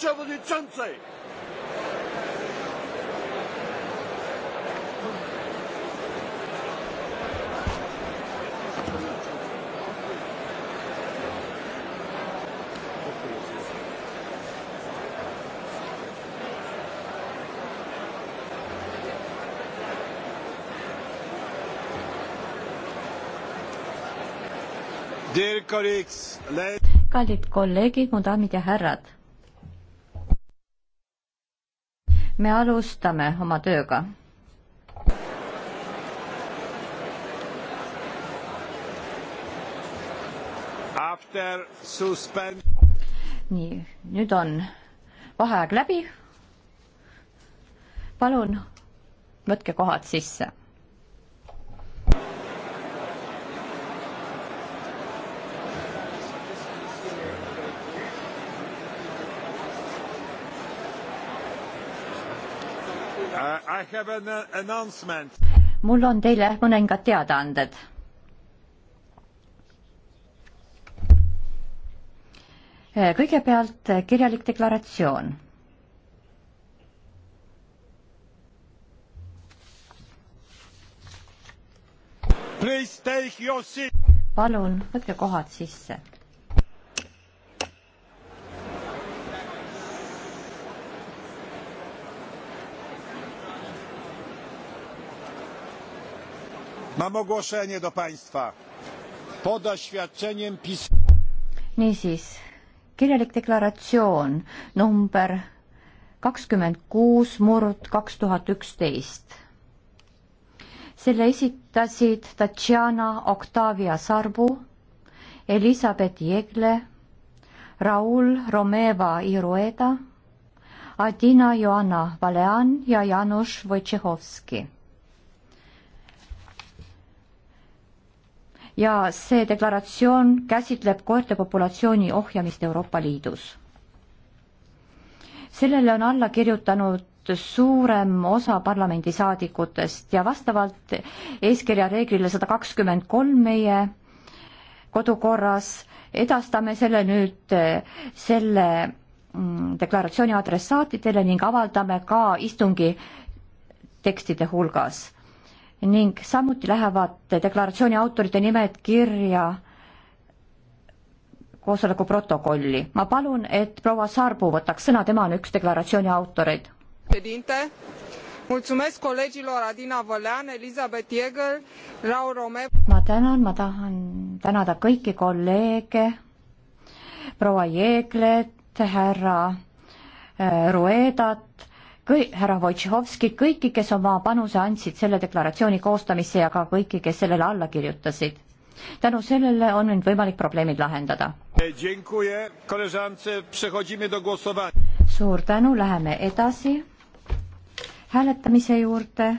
przewodniczącej! kallid kolleegid, mu daamid ja härrad me alustame oma tööga. nii, nüüd on vaheaeg läbi. palun võtke kohad sisse An uh, mul on teile mõningad teadaanded. kõigepealt kirjalik deklaratsioon. palun võtke kohad sisse Mam ogłoszenie do Państwa. Pod oświadczeniem pis... Niisiis, kirjalik deklaratsioon number kakskümmend kuus murd kaks tuhat üksteist. selle esitasid Tatjana Octavia Sarbu, Elizabeth Jegle, Raul Romeva Irueda, Adina Joanna Valean ja Janusz Wojciechowski ja see deklaratsioon käsitleb koerte populatsiooni ohjamist Euroopa Liidus. sellele on alla kirjutanud suurem osa parlamendisaadikutest ja vastavalt eeskirja reeglile sada kakskümmend kolm meie kodukorras edastame selle nüüd selle mm, deklaratsiooni adressaatidele ning avaldame ka istungi tekstide hulgas ning samuti lähevad deklaratsiooni autorite nimed kirja koosoleku protokolli. ma palun, et proua Saarpuu võtaks sõna, tema on üks deklaratsiooni autoreid. ma tänan, ma tahan tänada kõiki kolleege, proua Jeeglet, härra äh, Ruedat kõi-, härra Wojciechowski, kõiki, kes oma panuse andsid selle deklaratsiooni koostamisse ja ka kõiki, kes sellele alla kirjutasid. tänu sellele on nüüd võimalik probleemid lahendada. suur tänu, läheme edasi hääletamise juurde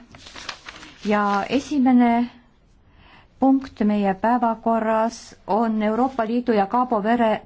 ja esimene punkt meie päevakorras on Euroopa Liidu ja Cabo Vere